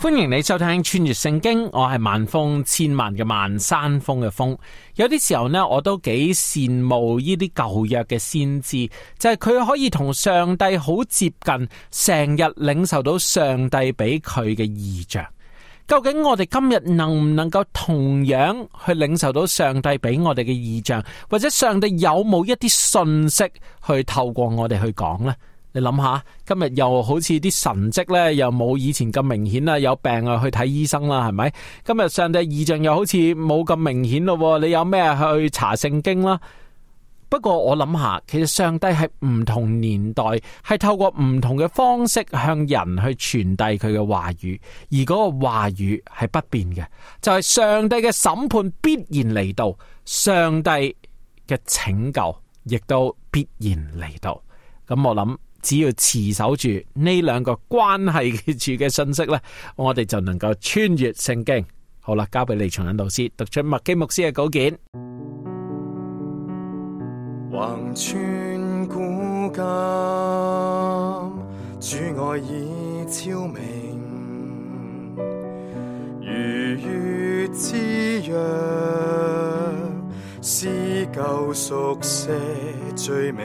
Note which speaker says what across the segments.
Speaker 1: 歡迎你收聽穿越聖經，我係萬峰，千萬嘅萬山峰嘅峰。有啲時候呢，我都幾羨慕呢啲舊約嘅先知，就係佢可以同上帝好接近，成日領受到上帝俾佢嘅異象。究竟我哋今日能唔能夠同樣去領受到上帝俾我哋嘅異象，或者上帝有冇一啲訊息去透過我哋去講呢？你諗下，今日又好似啲神跡咧，又冇以前咁明顯啦。有病啊，去睇醫生啦，係咪？今日上帝異象又好似冇咁明顯咯。你有咩去查聖經啦？不過我諗下，其實上帝係唔同年代，係透過唔同嘅方式向人去傳遞佢嘅話語，而嗰個話語係不變嘅。就係上帝嘅審判必然嚟到，上帝嘅拯救亦都必然嚟到。咁我諗。只要持守住呢兩個關係嘅處嘅信息咧，我哋就能夠穿越聖經。好啦，交俾李長忍老師讀出麥基牧師嘅稿件。橫穿
Speaker 2: 古今，主愛已昭明，如月之約，撕舊屬社罪名，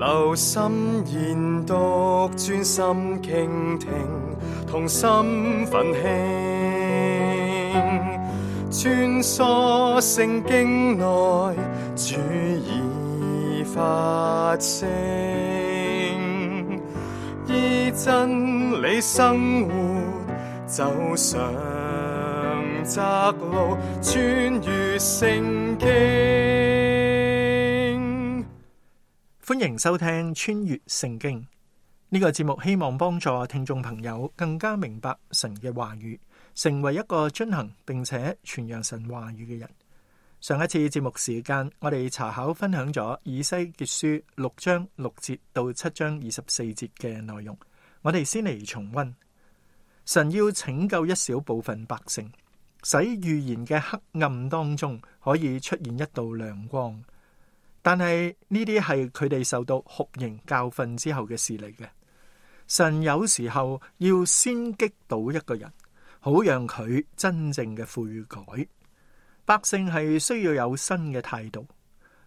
Speaker 2: 留心研讀，專心傾聽，同心奮興，穿梭聖經內，主已發聲，依真理生活，走上窄路，穿越聖經。歡迎收聽穿越聖經呢個節目，希望幫助聽眾朋友更加明白神嘅話語，成為一個遵行並且傳揚神話語嘅人。上一次節目時間，我哋查考分享咗以西結書六章六節到七章二十四節嘅內容，我哋先嚟重溫。神要拯救一小部分百姓，使預言嘅黑暗當中可以出現一道亮光。但係呢啲係佢哋受到酷刑教訓之後嘅事嚟嘅。神有時候要先擊倒一個人，好讓佢真正嘅悔改。百姓係需要有新嘅態度，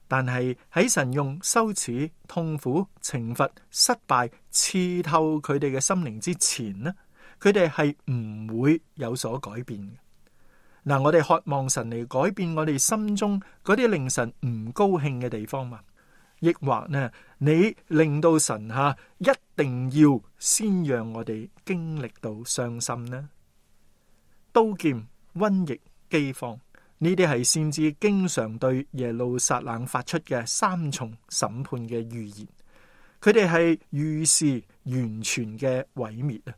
Speaker 2: 但係喺神用羞恥、痛苦、懲罰、失敗刺透佢哋嘅心靈之前呢，佢哋係唔會有所改變嘅。嗱，我哋渴望神嚟改變我哋心中嗰啲令神唔高興嘅地方嘛，抑或呢？你令到神吓一定要先讓我哋經歷到傷心呢？刀劍、瘟疫、饑荒呢啲係先知經常對耶路撒冷發出嘅三重審判嘅預言。佢哋係預示完全嘅毀滅啊！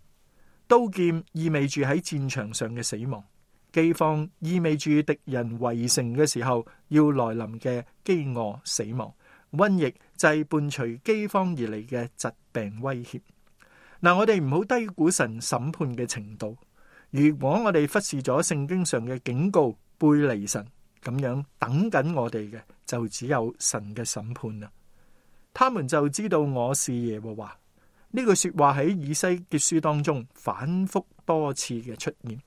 Speaker 2: 刀劍意味住喺戰場上嘅死亡。饑荒意味住敵人圍城嘅時候要來臨嘅飢餓、死亡、瘟疫，就係伴隨饑荒而嚟嘅疾病威脅。嗱，我哋唔好低估神審判嘅程度。如果我哋忽視咗聖經上嘅警告，背離神，咁樣等緊我哋嘅就只有神嘅審判啦。他們就知道我是耶和華。呢句說話喺以西結書當中反復多次嘅出現。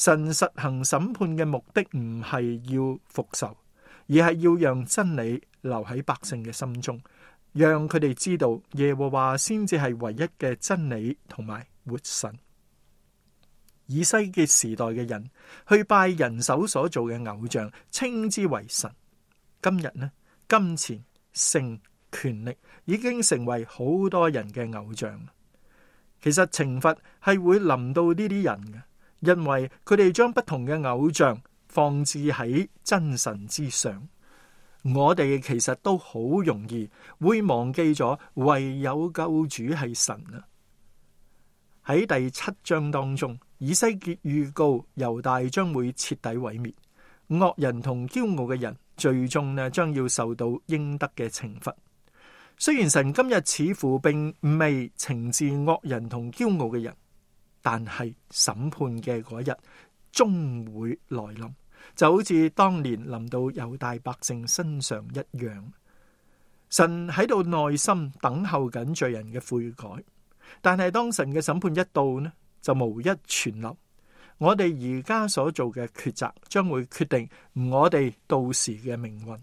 Speaker 2: 神實行審判嘅目的唔係要復仇，而係要讓真理留喺百姓嘅心中，讓佢哋知道耶和華先至係唯一嘅真理同埋活神。以西結時代嘅人去拜人手所做嘅偶像，稱之為神。今日呢，金錢、性、權力已經成為好多人嘅偶像。其實懲罰係會臨到呢啲人嘅。因為佢哋將不同嘅偶像放置喺真神之上，我哋其實都好容易會忘記咗唯有救主係神啊！喺第七章當中，以西結預告猶大將會徹底毀滅，惡人同驕傲嘅人最終呢將要受到應得嘅懲罰。雖然神今日似乎並未懲治惡人同驕傲嘅人。但係審判嘅嗰日終會來臨，就好似當年臨到猶大百姓身上一樣。神喺度耐心等候緊罪人嘅悔改，但係當神嘅審判一到呢，就無一全立。我哋而家所做嘅抉擇，將會決定我哋到時嘅命運。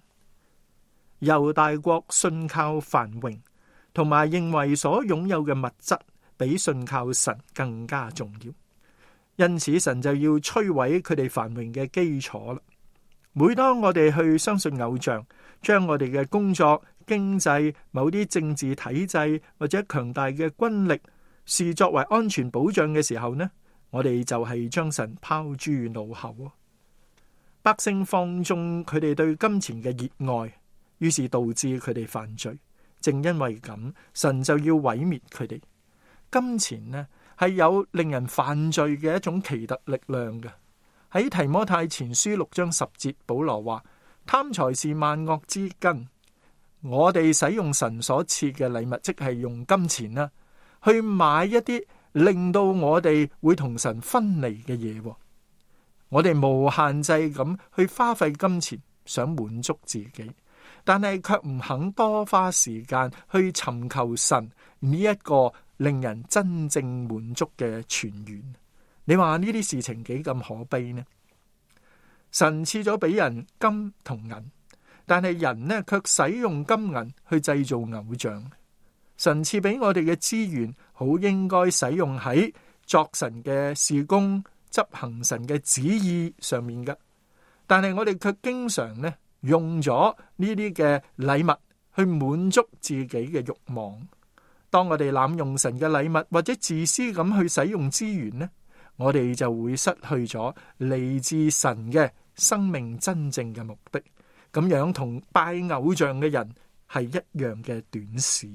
Speaker 2: 猶大國信靠繁榮，同埋認為所擁有嘅物質。比信靠神更加重要，因此神就要摧毀佢哋繁榮嘅基礎啦。每當我哋去相信偶像，將我哋嘅工作、經濟、某啲政治體制或者強大嘅軍力視作為安全保障嘅時候呢，我哋就係將神拋諸腦後。百姓放縱佢哋對金錢嘅熱愛，於是導致佢哋犯罪。正因為咁，神就要毀滅佢哋。金錢咧，係有令人犯罪嘅一種奇特力量嘅。喺提摩太前書六章十節，保羅話，貪財是萬惡之根。我哋使用神所賜嘅禮物，即係用金錢啦，去買一啲令到我哋會同神分離嘅嘢。我哋無限制咁去花費金錢，想滿足自己，但係卻唔肯多花時間去尋求神呢一個。令人真正滿足嘅泉源，你話呢啲事情幾咁可悲呢？神賜咗俾人金同銀，但係人呢卻使用金銀去製造偶像。神賜俾我哋嘅資源，好應該使用喺作神嘅事工、執行神嘅旨意上面嘅，但係我哋卻經常呢用咗呢啲嘅禮物去滿足自己嘅慾望。當我哋濫用神嘅禮物或者自私咁去使用資源呢，我哋就會失去咗嚟自神嘅生命真正嘅目的，咁樣同拜偶像嘅人係一樣嘅短視。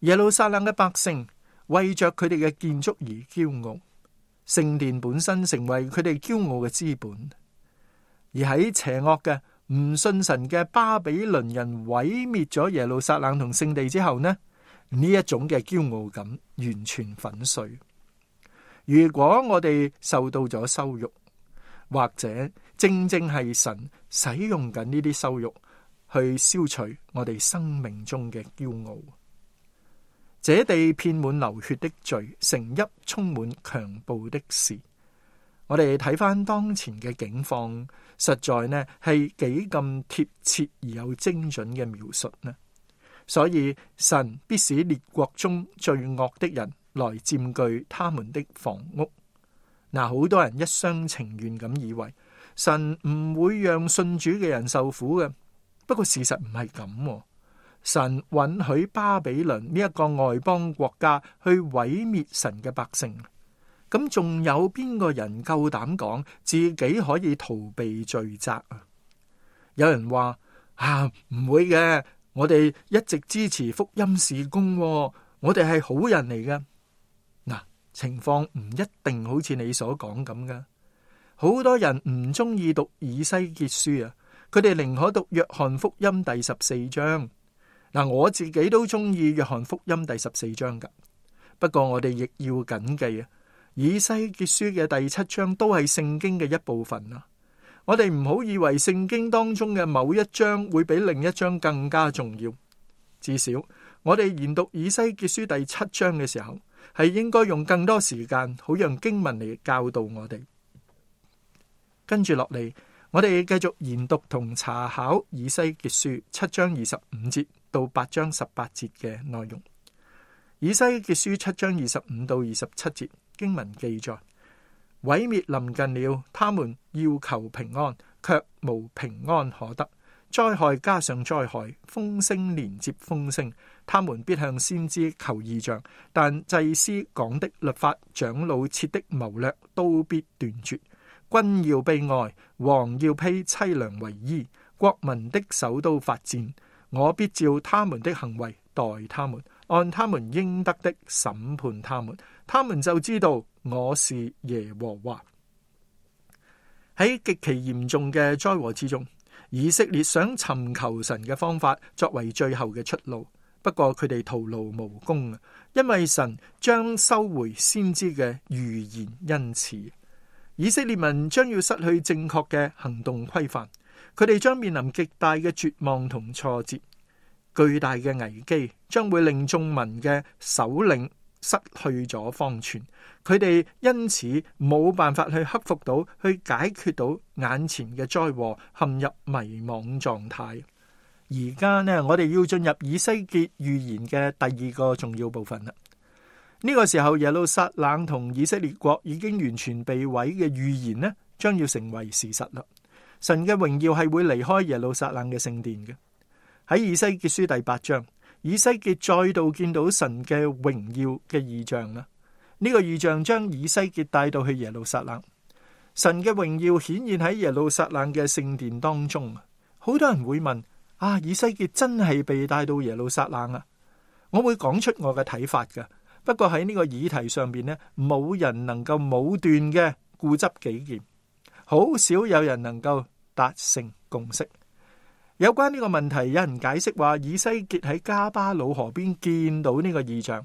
Speaker 2: 耶路撒冷嘅百姓為着佢哋嘅建築而驕傲，聖殿本身成為佢哋驕傲嘅資本，而喺邪惡嘅。唔信神嘅巴比倫人毀滅咗耶路撒冷同聖地之後呢，呢一種嘅驕傲感完全粉碎。如果我哋受到咗羞辱，或者正正係神使用緊呢啲羞辱去消除我哋生命中嘅驕傲，這地遍滿流血的罪，成一充滿強暴的事。我哋睇返當前嘅境況。實在呢係幾咁貼切而又精準嘅描述呢？所以神必使列國中最惡的人來占據他們的房屋。嗱、呃，好多人一廂情願咁以為神唔會讓信主嘅人受苦嘅，不過事實唔係咁。神允許巴比倫呢一個外邦國家去毀滅神嘅百姓。咁仲有邊個人夠膽講自己可以逃避罪責啊？有人話啊，唔會嘅。我哋一直支持福音事工，我哋係好人嚟嘅。嗱，情況唔一定好似你所講咁噶。好多人唔中意讀以西結書啊，佢哋寧可讀約翰福音第十四章。嗱，我自己都中意約翰福音第十四章噶。不過我哋亦要謹記啊。以西結書嘅第七章都係聖經嘅一部分啦。我哋唔好以為聖經當中嘅某一章會比另一章更加重要。至少我哋研讀以西結書第七章嘅時候，係應該用更多時間，好讓經文嚟教導我哋。跟住落嚟，我哋繼續研讀同查考以西結書七章二十五節到八章十八節嘅內容。以西結書七章二十五到二十七節。經文記載，毀滅臨近了，他們要求平安，卻無平安可得。災害加上災害，風聲連接風聲，他們必向先知求異象。但祭司講的律法，長老設的謀略，都必斷絕。君要悲哀，王要披淒涼為衣，國民的手都發顫，我必照他們的行為待他們，按他們應得的審判他們。他們就知道我是耶和華。喺極其嚴重嘅災禍之中，以色列想尋求神嘅方法作為最後嘅出路。不過佢哋徒勞無功啊，因為神將收回先知嘅預言。因此，以色列民將要失去正確嘅行動規範，佢哋將面臨極大嘅絕望同挫折。巨大嘅危機將會令眾民嘅首領，失去咗方寸，佢哋因此冇辦法去克服到，去解決到眼前嘅災禍，陷入迷茫狀態。而家呢，我哋要進入以西結預言嘅第二個重要部分啦。呢個時候，耶路撒冷同以色列國已經完全被毀嘅預言呢，將要成為事實啦。神嘅榮耀係會離開耶路撒冷嘅聖殿嘅。喺以西結書第八章。以西結再度見到神嘅榮耀嘅異象啦，呢、這個異象將以西結帶到去耶路撒冷，神嘅榮耀顯現喺耶路撒冷嘅聖殿當中。好多人會問：啊，以西結真係被帶到耶路撒冷啊？我會講出我嘅睇法噶，不過喺呢個議題上邊咧，冇人能夠武斷嘅固執己見，好少有人能夠達成共識。有關呢個問題，有人解釋話以西結喺加巴魯河邊見到呢個異象，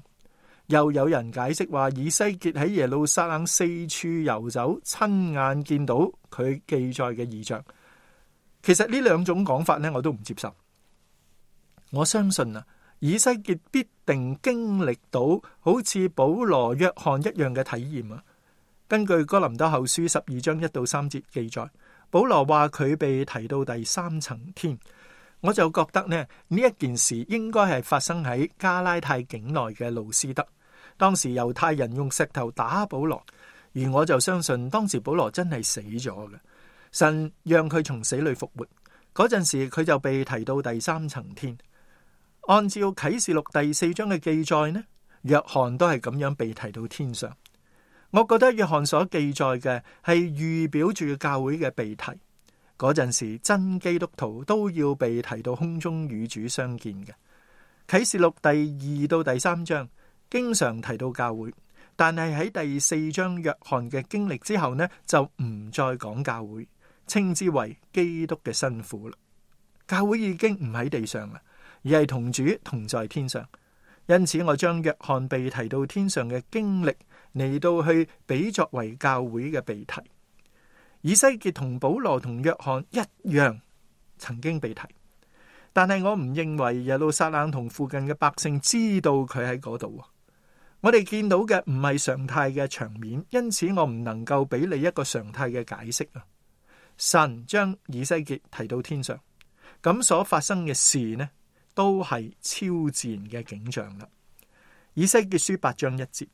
Speaker 2: 又有人解釋話以西結喺耶路撒冷四處遊走，親眼見到佢記載嘅異象。其實呢兩種講法呢，我都唔接受。我相信啊，以西結必定經歷到好似保羅、約翰一樣嘅體驗啊。根據哥林多後書十二章一到三節記載。保羅話佢被提到第三層天，我就覺得呢呢一件事應該係發生喺加拉太境內嘅路斯德。當時猶太人用石頭打保羅，而我就相信當時保羅真係死咗嘅。神讓佢從死裏復活，嗰陣時佢就被提到第三層天。按照啟示錄第四章嘅記載呢，約翰都係咁樣被提到天上。我覺得約翰所記載嘅係預表住教會嘅被提，嗰陣時真基督徒都要被提到空中與主相見嘅。啟示錄第二到第三章經常提到教會，但係喺第四章約翰嘅經歷之後呢，就唔再講教會，稱之為基督嘅辛苦啦。教會已經唔喺地上啦，而係同主同在天上。因此，我將約翰被提到天上嘅經歷嚟到去比作為教會嘅被提。以西結同保羅同約翰一樣，曾經被提，但係我唔認為耶路撒冷同附近嘅百姓知道佢喺嗰度。我哋見到嘅唔係常態嘅場面，因此我唔能夠俾你一個常態嘅解釋啦。神將以西結提到天上，咁所發生嘅事呢？都係超自然嘅景象啦。以西結書八章一節，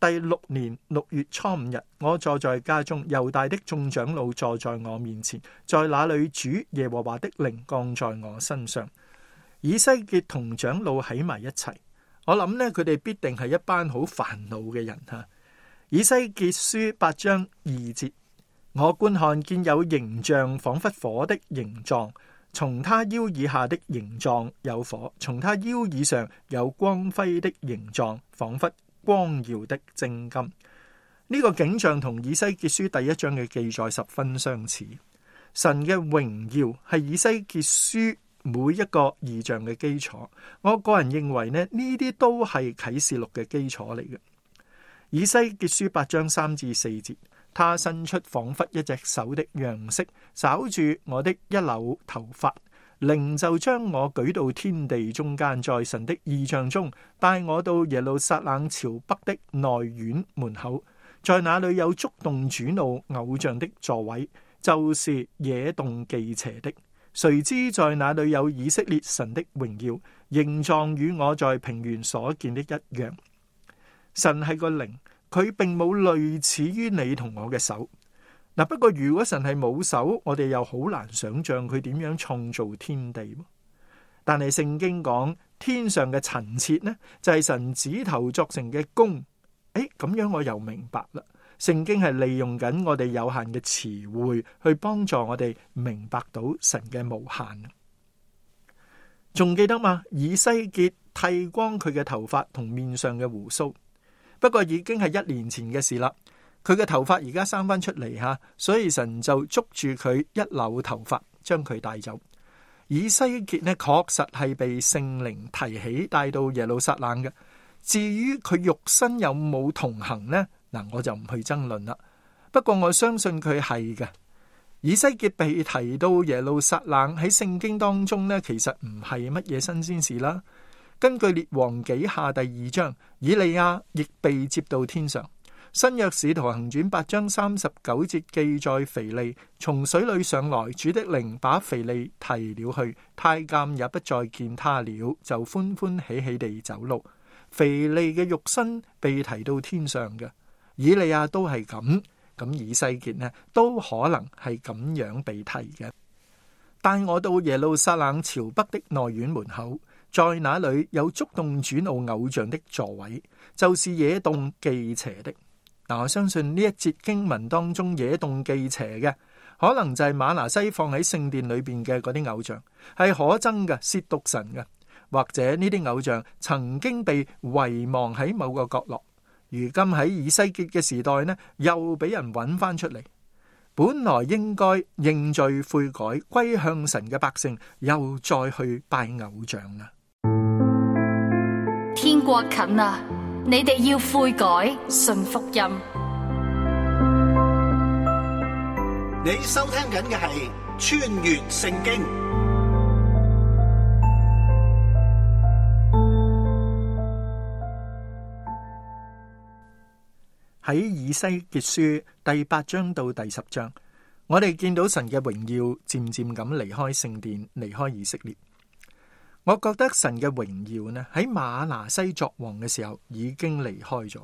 Speaker 2: 第六年六月初五日，我坐在家中，猶大的眾長老坐在我面前，在那裏主耶和華的靈降在我身上。以西結同長老喺埋一齊，我諗呢，佢哋必定係一班好煩惱嘅人吓。以西結書八章二節，我觀看見有形象，仿佛火的形狀。從他腰以下的形狀有火，從他腰以上有光輝的形狀，仿佛光耀的精金。呢、這個景象同以西結書第一章嘅記載十分相似。神嘅榮耀係以西結書每一個異象嘅基礎。我個人認為呢，呢啲都係啟示錄嘅基礎嚟嘅。以西結書八章三至四節。他伸出仿佛一隻手的樣式，抓住我的一綹頭髮，靈就將我舉到天地中間，在神的異象中，帶我到耶路撒冷朝北的內院門口，在那裡有觸動主怒偶像的座位，就是惹動忌邪的。誰知在那裡有以色列神的榮耀，形狀與我在平原所見的一樣。神係個靈。佢並冇類似於你同我嘅手，嗱。不過如果神係冇手，我哋又好難想象佢點樣創造天地。但係聖經講天上嘅陳設呢，就係、是、神指頭作成嘅弓。誒，咁樣我又明白啦。聖經係利用緊我哋有限嘅詞彙去幫助我哋明白到神嘅無限。仲記得嘛？以西結剃光佢嘅頭髮同面上嘅鬍鬚。不過已經係一年前嘅事啦，佢嘅頭髮而家生翻出嚟吓，所以神就捉住佢一縷頭髮，將佢帶走。以西結呢，確實係被聖靈提起，帶到耶路撒冷嘅。至於佢肉身有冇同行呢？嗱，我就唔去爭論啦。不過我相信佢係嘅。以西結被提到耶路撒冷喺聖經當中呢，其實唔係乜嘢新鮮事啦。根據列王紀下第二章，以利亞亦被接到天上。新約使徒行傳八章三十九節記載，腓利從水裏上來，主的靈把腓利提了去，太監也不再見他了，就歡歡喜喜地走路。腓利嘅肉身被提到天上嘅，以利亞都係咁，咁以西結呢都可能係咁樣被提嘅。帶我到耶路撒冷朝北的內院門口。在那裏有觸動主怒偶像的座位，就是惹動忌邪的。嗱，我相信呢一節經文當中，惹動忌邪嘅，可能就係馬拿西放喺聖殿裏邊嘅嗰啲偶像，係可憎嘅褻瀆神嘅，或者呢啲偶像曾經被遺忘喺某個角落，如今喺以西結嘅時代呢，又俾人揾翻出嚟，本來應該認罪悔改歸向神嘅百姓，又再去拜偶像啦。國近啦，你哋要悔改，信福音。你收聽緊嘅係穿越聖經，喺以西結書第八章到第十章，我哋見到神嘅榮耀漸漸咁離開聖殿，離開以色列。我覺得神嘅榮耀呢，喺馬拿西作王嘅時候已經離開咗，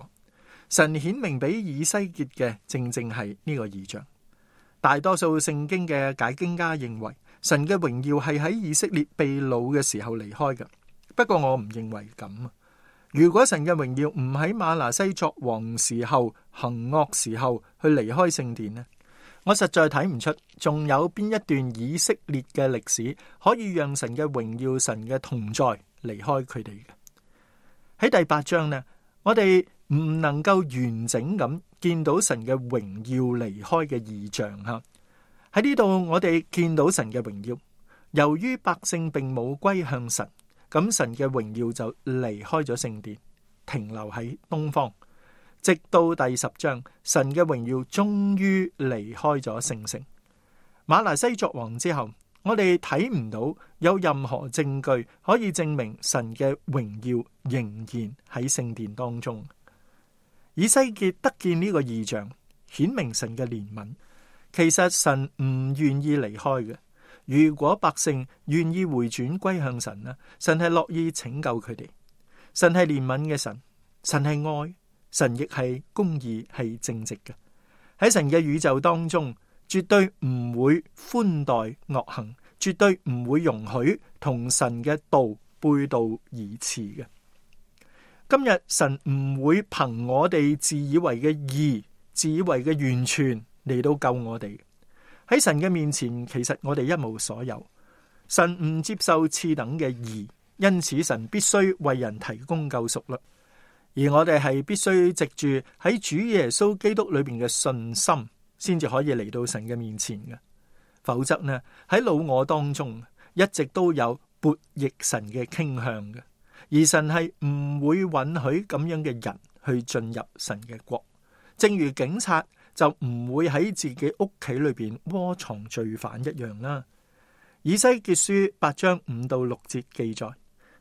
Speaker 2: 神顯明俾以西結嘅正正係呢個異象。大多數聖經嘅解經家認為神嘅榮耀係喺以色列被擄嘅時候離開嘅，不過我唔認為咁啊。如果神嘅榮耀唔喺馬拿西作王時候、行惡時候去離開聖殿呢？我實在睇唔出，仲有邊一段以色列嘅歷史可以讓神嘅榮耀、神嘅同在離開佢哋嘅。喺第八章呢，我哋唔能夠完整咁見到神嘅榮耀離開嘅異象吓。喺呢度我哋見到神嘅榮耀，由於百姓並冇歸向神，咁神嘅榮耀就離開咗聖殿，停留喺東方。直到第十章，神嘅榮耀終於離開咗聖城。馬拿西作王之後，我哋睇唔到有任何證據可以證明神嘅榮耀仍然喺聖殿當中。以西結得見呢個異象，顯明神嘅憐憫。其實神唔願意離開嘅。如果百姓願意回轉歸向神啊，神係樂意拯救佢哋。神係憐憫嘅神，神係愛。神亦係公義，係正直嘅。喺神嘅宇宙當中，絕對唔會寬待惡行，絕對唔會容許同神嘅道背道而馳嘅。今日神唔會憑我哋自以為嘅義、自以為嘅完全嚟到救我哋。喺神嘅面前，其實我哋一無所有。神唔接受次等嘅義，因此神必須為人提供救贖啦。而我哋係必須藉住喺主耶穌基督裏邊嘅信心，先至可以嚟到神嘅面前嘅。否則呢，喺老我當中，一直都有悖逆神嘅傾向嘅。而神係唔會允許咁樣嘅人去進入神嘅國。正如警察就唔會喺自己屋企裏邊窩藏罪犯一樣啦。以西結書八章五到六節記載，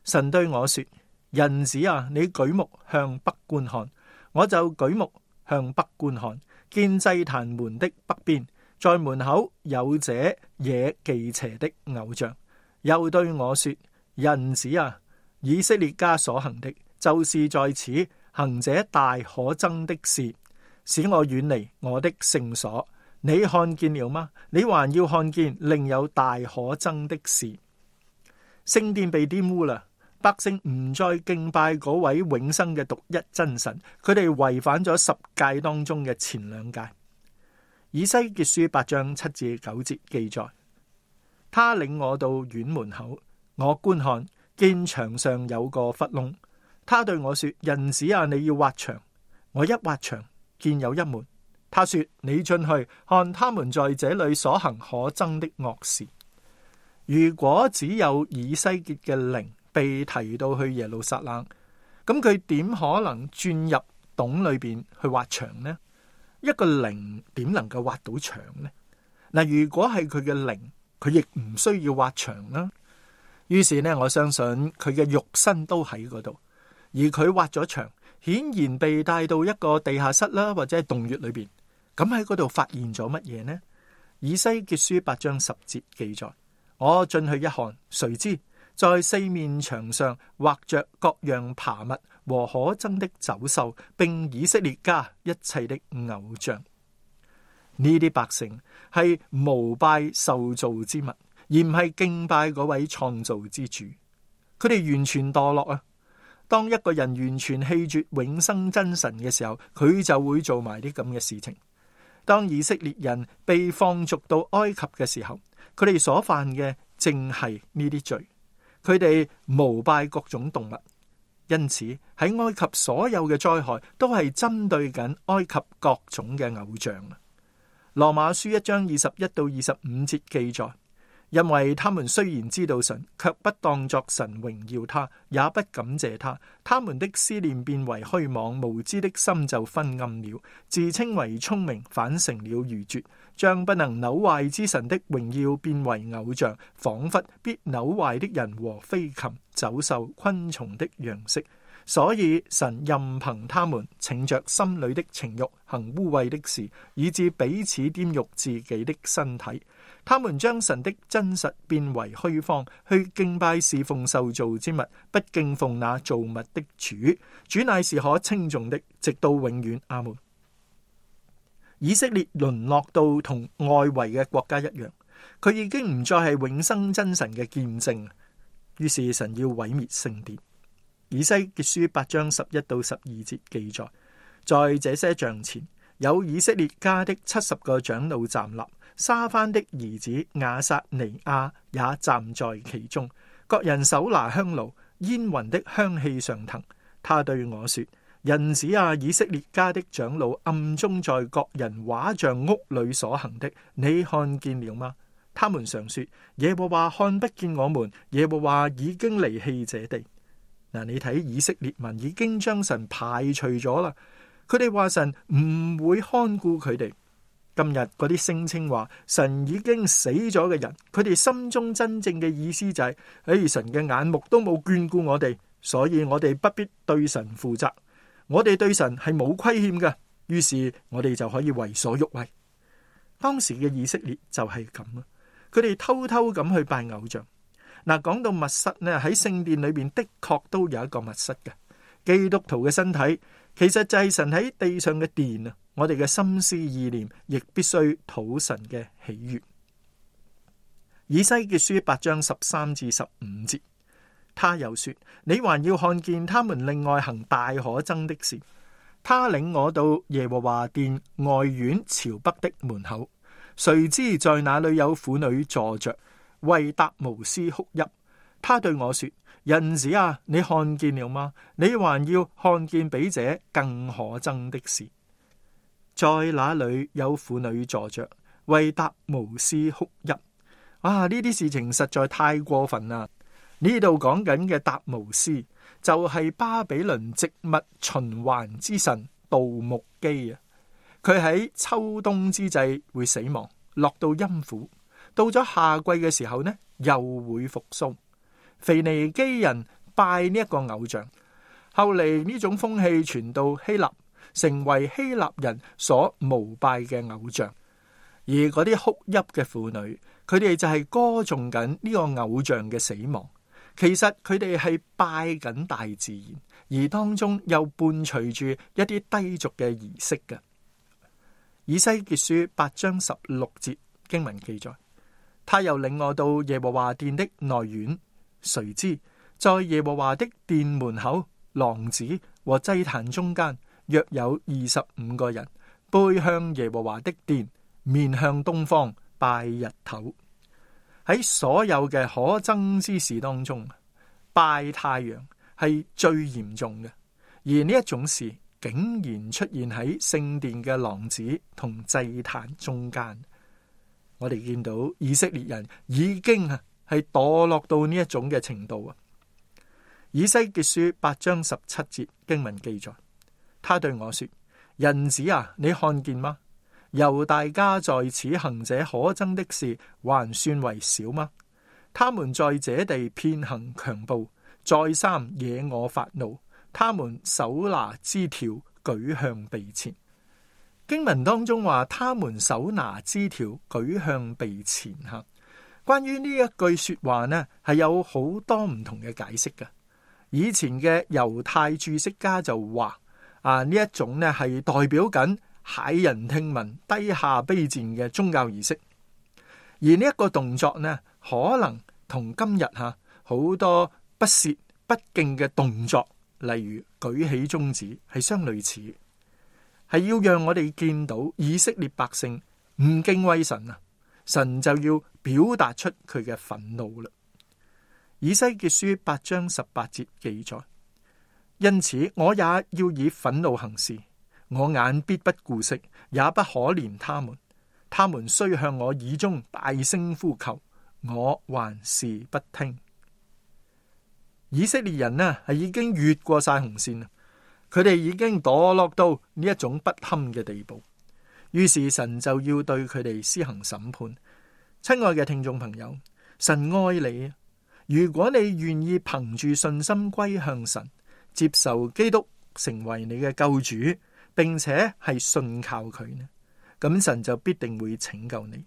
Speaker 2: 神對我說。人子啊，你舉目向北觀看，我就舉目向北觀看，見祭壇門的北邊，在門口有者野忌邪的偶像，又對我說：人子啊，以色列家所行的，就是在此行者大可憎的事，使我遠離我的聖所。你看見了嗎？你還要看見另有大可憎的事，聖殿被玷污啦。百姓唔再敬拜嗰位永生嘅獨一真神，佢哋違反咗十戒當中嘅前兩戒。以西結書八章七至九節記載，他領我到院門口，我觀看見牆上有個窟窿。他對我說：人子啊，你要挖牆。我一挖牆，見有一門。他說：你進去看他們在這裏所行可憎的惡事。如果只有以西結嘅靈。被提到去耶路撒冷，咁佢點可能轉入洞裏邊去挖牆呢？一個靈點能夠挖到牆呢？嗱，如果係佢嘅靈，佢亦唔需要挖牆啦。於是呢，我相信佢嘅肉身都喺嗰度，而佢挖咗牆，顯然被帶到一個地下室啦，或者係洞穴裏邊。咁喺嗰度發現咗乜嘢呢？以西結書八章十節記載，我進去一看，誰知？在四面牆上畫着各樣爬物和可憎的走獸，並以色列家一切的偶像。呢啲百姓係膜拜受造之物，而唔係敬拜嗰位創造之主。佢哋完全墮落啊！當一個人完全棄絕永生真神嘅時候，佢就會做埋啲咁嘅事情。當以色列人被放逐到埃及嘅時候，佢哋所犯嘅正係呢啲罪。佢哋膜拜各種動物，因此喺埃及所有嘅災害都係針對緊埃及各種嘅偶像。羅馬書一章二十一到二十五節記載。因為他們雖然知道神，却不當作神榮耀他，也不感謝他。他們的思念變為虛妄，無知的心就昏暗了。自稱為聰明，反成了愚拙，將不能朽壞之神的榮耀變為偶像，仿佛必朽壞的人和飛禽、走獸、昆蟲的樣式。所以神任憑他們，逞著心裏的情欲行污穢的事，以致彼此玷辱自己的身體。他們將神的真實變為虛謊，去敬拜侍奉受造之物，不敬奉那造物的主。主乃是可稱頌的，直到永遠。阿門。以色列淪落到同外圍嘅國家一樣，佢已經唔再係永生真神嘅見證。於是神要毀滅聖殿。以西結書八章十一到十二節記載，在這些像前，有以色列家的七十個長老站立。沙番的兒子亞薩尼亞也站在其中，各人手拿香爐，煙雲的香氣上騰。他對我說：人子啊，以色列家的長老暗中在各人畫像屋裏所行的，你看見了嗎？他們常說：耶和華看不見我們，耶和華已經離棄這地。嗱，你睇以色列民已經將神排除咗啦，佢哋話神唔會看顧佢哋。今日嗰啲聲稱話神已經死咗嘅人，佢哋心中真正嘅意思就係，誒神嘅眼目都冇眷顧我哋，所以我哋不必對神負責，我哋對神係冇虧欠嘅，於是我哋就可以為所欲為。當時嘅以色列就係咁啦，佢哋偷偷咁去拜偶像。嗱，講到密室咧，喺聖殿裏邊的確都有一個密室嘅。基督徒嘅身體，其實就係神喺地上嘅殿啊。我哋嘅心思意念亦必須討神嘅喜悅。以西結書八章十三至十五節，他又說：你還要看見他們另外行大可憎的事。他領我到耶和華殿外院朝北的門口，誰知在那裏有婦女坐着，為達無私哭泣。他對我說：人子啊，你看見了嗎？你還要看見比這更可憎的事。在那裏有婦女坐着為達摩斯哭泣。啊，呢啲事情實在太過分啦！呢度講緊嘅達摩斯就係、是、巴比倫植物循環之神杜木基啊！佢喺秋冬之際會死亡，落到陰府；到咗夏季嘅時候呢，又會復甦。腓尼基人拜呢一個偶像，後嚟呢種風氣傳到希臘。成為希臘人所膜拜嘅偶像，而嗰啲哭泣嘅婦女，佢哋就係歌頌緊呢個偶像嘅死亡。其實佢哋係拜緊大自然，而當中又伴隨住一啲低俗嘅儀式嘅。以西結書八章十六節經文記載，他又領我到耶和華殿的內院，誰知在耶和華的殿門口，廊子和祭壇中間。約有二十五個人背向耶和華的殿，面向東方拜日頭。喺所有嘅可憎之事當中，拜太陽係最嚴重嘅。而呢一種事竟然出現喺聖殿嘅廊子同祭壇中間，我哋見到以色列人已經啊係墮落到呢一種嘅程度啊。以西結書八章十七節經文記載。他對我說：人子啊，你看見嗎？猶大家在此行者可憎的事，還算為少嗎？他們在這地遍行強暴，再三惹我發怒。他們手拿枝條，舉向鼻前。經文當中話：他們手拿枝條，舉向鼻前。吓，關於呢一句說話呢，係有好多唔同嘅解釋嘅。以前嘅猶太注釋家就話。啊！呢一種咧係代表緊駭人聽聞、低下卑賤嘅宗教儀式，而呢一個動作呢，可能同今日吓好多不屑不敬嘅動作，例如舉起中指，係相類似，係要讓我哋見到以色列百姓唔敬畏神啊，神就要表達出佢嘅憤怒啦。以西結書八章十八節記載。因此，我也要以憤怒行事，我眼必不顧惜，也不可憐他們。他們雖向我耳中大聲呼求，我還是不聽。以色列人呢、啊、係已經越過晒紅線，佢哋已經墮落到呢一種不堪嘅地步。於是神就要對佢哋施行審判。親愛嘅聽眾朋友，神愛你，如果你願意憑住信心歸向神。接受基督成為你嘅救主，並且係信靠佢呢，咁神就必定會拯救你。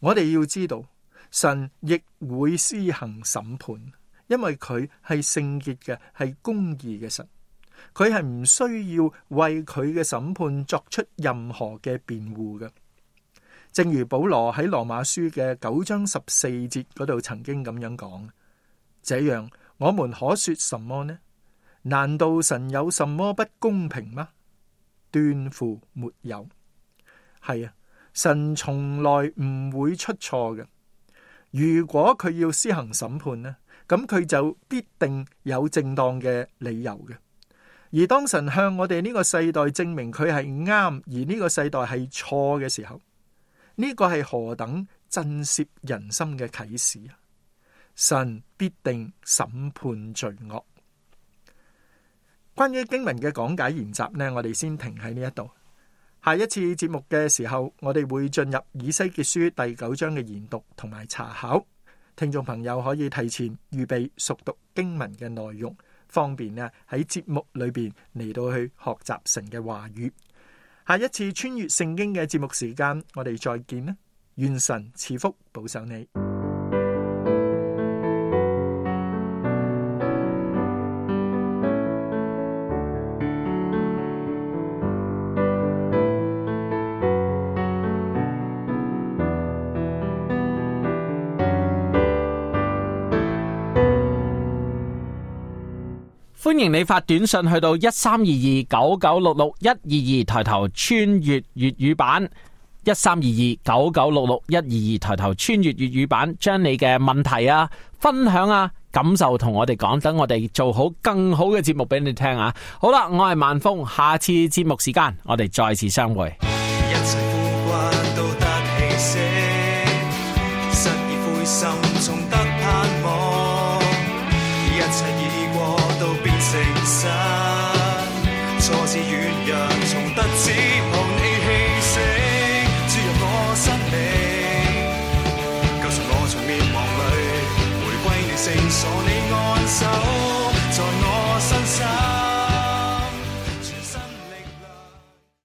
Speaker 2: 我哋要知道，神亦會施行審判，因為佢係聖潔嘅，係公義嘅神。佢係唔需要為佢嘅審判作出任何嘅辯護嘅。正如保羅喺羅馬書嘅九章十四節嗰度曾經咁樣講：這樣我們可說什麼呢？難道神有什麼不公平嗎？斷乎沒有。係啊，神從來唔會出錯嘅。如果佢要施行審判呢，咁佢就必定有正當嘅理由嘅。而當神向我哋呢個世代證明佢係啱，而呢個世代係錯嘅時候，呢個係何等震懾人心嘅啟示啊！神必定審判罪惡。關於經文嘅講解研習呢，我哋先停喺呢一度。下一次節目嘅時候，我哋會進入以西結書第九章嘅研讀同埋查考。聽眾朋友可以提前預備熟讀經文嘅內容，方便呢喺節目裏邊嚟到去學習神嘅話語。下一次穿越聖經嘅節目時間，我哋再見啦！願神賜福保守你。
Speaker 1: 歡迎你發短信去到一三二二九九六六一二二抬頭穿越粵語版一三二二九九六六一二二抬頭穿越粵語版，將你嘅問題啊、分享啊、感受同我哋講，等我哋做好更好嘅節目俾你聽啊！好啦，我係萬峰，下次節目時間我哋再次相會。
Speaker 2: Yes.